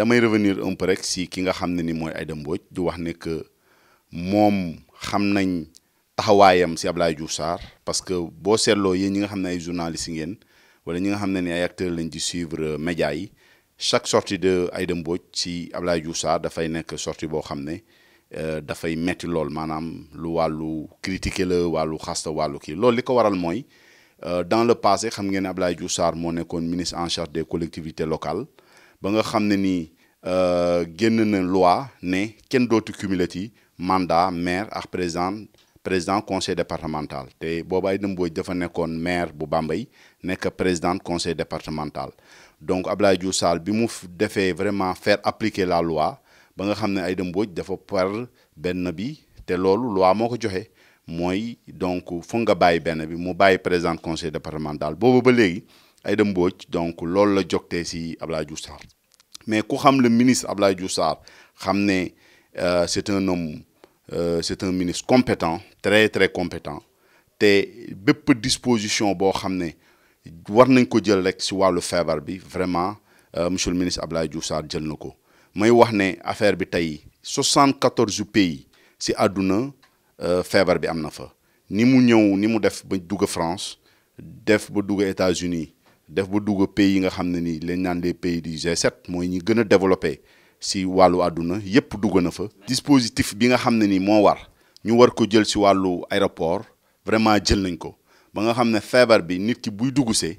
damay revenir un rek si ki nga xam ne ni mooy Aïda Mbodj du wax ne que moom xam nañ taxawaayam si Abdoulaye Diouf Sarr parce que boo seetloo yéen ñi nga xam ne ay journalistes yi ngeen wala ñi nga xam ne ni ay acteurs lañ di suivre médias yi chaque sortie de Aïda Mbodj si Abdoulaye Diouf Sarr dafay nekk sorti boo xam ne euh, dafay metti lool maanaam lu wàllu critiquer la wàllu xasta wàllu kii lool li ko waral mooy euh, dans le passé xam ngeen ne Abdoulaye Diouf Sarr moo nekkoon ministre en charge des collectivités locale ba nga xam ne nii euh, génn na loi ne kenn dootu cumulati mandat maire ak président président conseil départemental te boobaay Aïda Mbodj dafa nekkoon maire bu Bambey nekk président conseil départemental donc Abdoulaye Diouf Sall bi mu defee vraiment faire appliquer la loi ba nga xam ne Aïda Mbodj dafa par benn bi te loolu loi moo ko joxe mooy donc foog nga bàyyi benn bi mu bàyyi président conseil départemental boobu ba léegi Aïda Mbodj donc loolu la jogtee si Abdoulaye Diouf Sall mais ku xam le ministre Abdoulaye Diouf Sarr xam ne euh, c' est un homme euh, c' est un ministre compétent très très compétent te bépp disposition boo xam ne war nañ ko jël rek si wàllu feebar bi vraiment euh, monsieur le ministre Abdoulaye Diouf Sarr jël na ko may wax ne affaire bi tey soixante-quatorze pays si àdduna feebar bi am na fa ni mu ñëw ni mu def ba dugg France def ba dugg États-Unis def ba dugg pays yi nga xam ne nii leen naan les pays du g mooy ñi gën a développé si wàllu àdduna yépp dugg na fa. dispositif bi nga xam ne nii moo war ñu war ko jël si wàllu aéroport vraiment jël nañ ko ba nga xam ne feebar bi nit ki buy dugg see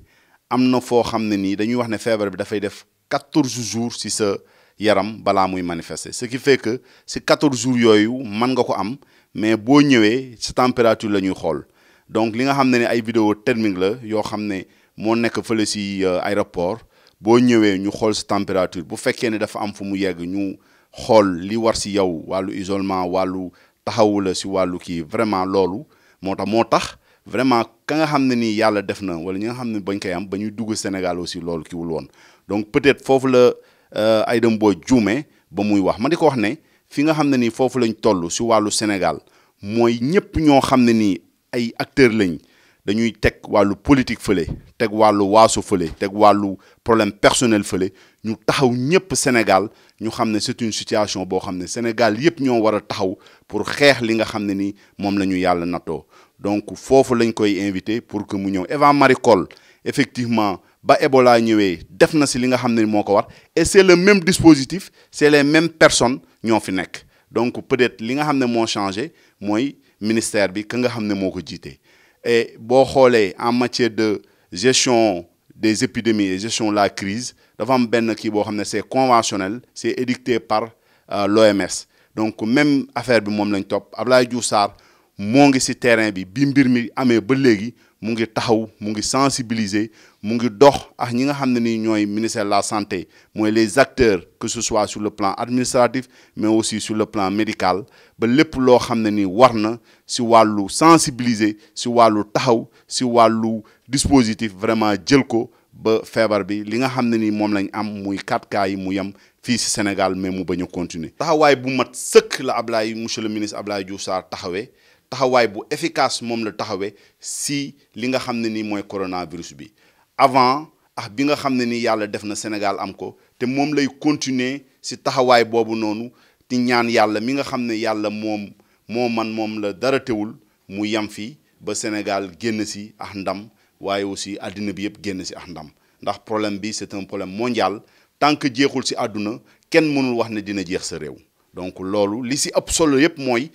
am na foo xam ne nii dañuy wax ne feebar bi dafay def quatorze jours si sa yaram balaa muy manifester ce qui fait que si quatorze jours yooyu mën nga ko am mais boo ñëwee sa température la ñuy xool donc li nga xam ne ni ay vidéo thermique la yoo xam ne. moo nekk fële si euh, aéroport boo ñëwee ñu xool si température bu fekkee ne dafa am fu mu yegg ñu xool li war si yow wàllu isolement wàllu taxawula si wàllu kii vraiment loolu moo tax moo tax vraiment ka nga xam ne nii yàlla def na wala ñi nga xam ne bañ koy am ba ñuy dugg Sénégal aussi loolu kiwul woon donc peut-être foofu la euh, Aïda boo juume ba muy wax ma di ko wax ne fi nga xam ne nii foofu lañ toll si wàllu Sénégal mooy ñëpp ñoo xam ne nii ay acteurs lañ dañuy teg wàllu politique fële teg wàllu waaso fële teg wàllu problème personnel fële ñu taxaw ñëpp Sénégal ñu xam ne c'est une situation boo xam ne Sénégal yëpp ñoo war a taxaw pour xeex li nga xam ne ni moom la ñu yàlla nattoo donc foofu lañ koy invité pour que mu ñëw Eva Marie Coll effectivement ba ébola ñëwee def na si li nga xam ne moo ko war et c'est le même dispositif c'est les mêmes personnes ñoo fi nekk donc peut-être li nga xam ne moo changé mooy ministère bi ka nga xam ne moo ko jiitee boo xoolee en matière de gestion des épidémies et gestion de la crise dafa am benn kii boo xam ne c'est conventionnel c'est édicté par euh, l'OMS donc même affaire bi moom lañ topp Abdoulaye Diouf Sarr moo ngi si terrain bi bi mbir mi amee ba léegi mu ngi taxaw mu ngi sensibiliser mu ngi dox ak ñi nga xam ne ni ñooy ministère la santé mooy les acteurs que ce soit sur le plan administratif mais aussi sur le plan médical ba lépp loo xam ne ni war na si wàllu sensibiliser si wàllu taxaw si wàllu dispositif vraiment jël ko ba feebar bi li nga xam ne ni moom lañ am muy 4 cas yi mu yem fii si Sénégal mais mu bañ a continuer taxawaay bu mat sëkk la Ablaye monsieur le ministre Ablaye Diouf Sarr taxawee taxawaay bu efficace moom la taxawee si li nga xam ne nii mooy coronavirus bi avant ah bi nga xam ne nii yàlla def na Sénégal am ko te moom lay continuer si taxawaay boobu noonu di ñaan yàlla mi nga xam ne yàlla moom moo man moom la dara teewul mu yam fi ba Sénégal génn si ak ndam waaye aussi àddina bi yëpp génn si ak ndam ndax problème bi c'est un problème mondial tant que jeexul si àdduna kenn mënul wax ne dina jeex sa réew donc loolu li si ëpp solo yëpp mooy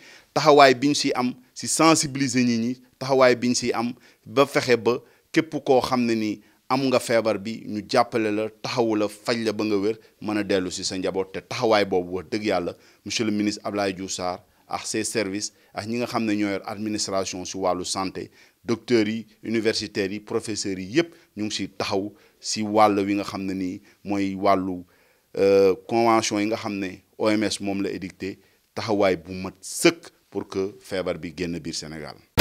si sensibiliser nit ñi taxawaay biñ si am ba fexe ba képp koo xam ne ni am nga feebar bi ñu jàppale la taxawu la faj la ba nga wér mën a dellu si sa njaboot te taxawaay boobu wax dëgg yàlla monsieur le ministre Abdoulaye Diouf Sarr ak ses services ak ñi nga xam ne ñoo yor administration si wàllu santé docteurs yi universitaire yi professeurs yi yépp ñu ngi si taxaw si wàll wi nga xam ne nii mooy wàllu euh, convention yi nga xam ne OMS moom la édicté taxawaay bu mat sëkk pour que feebar bi génn biir Sénégal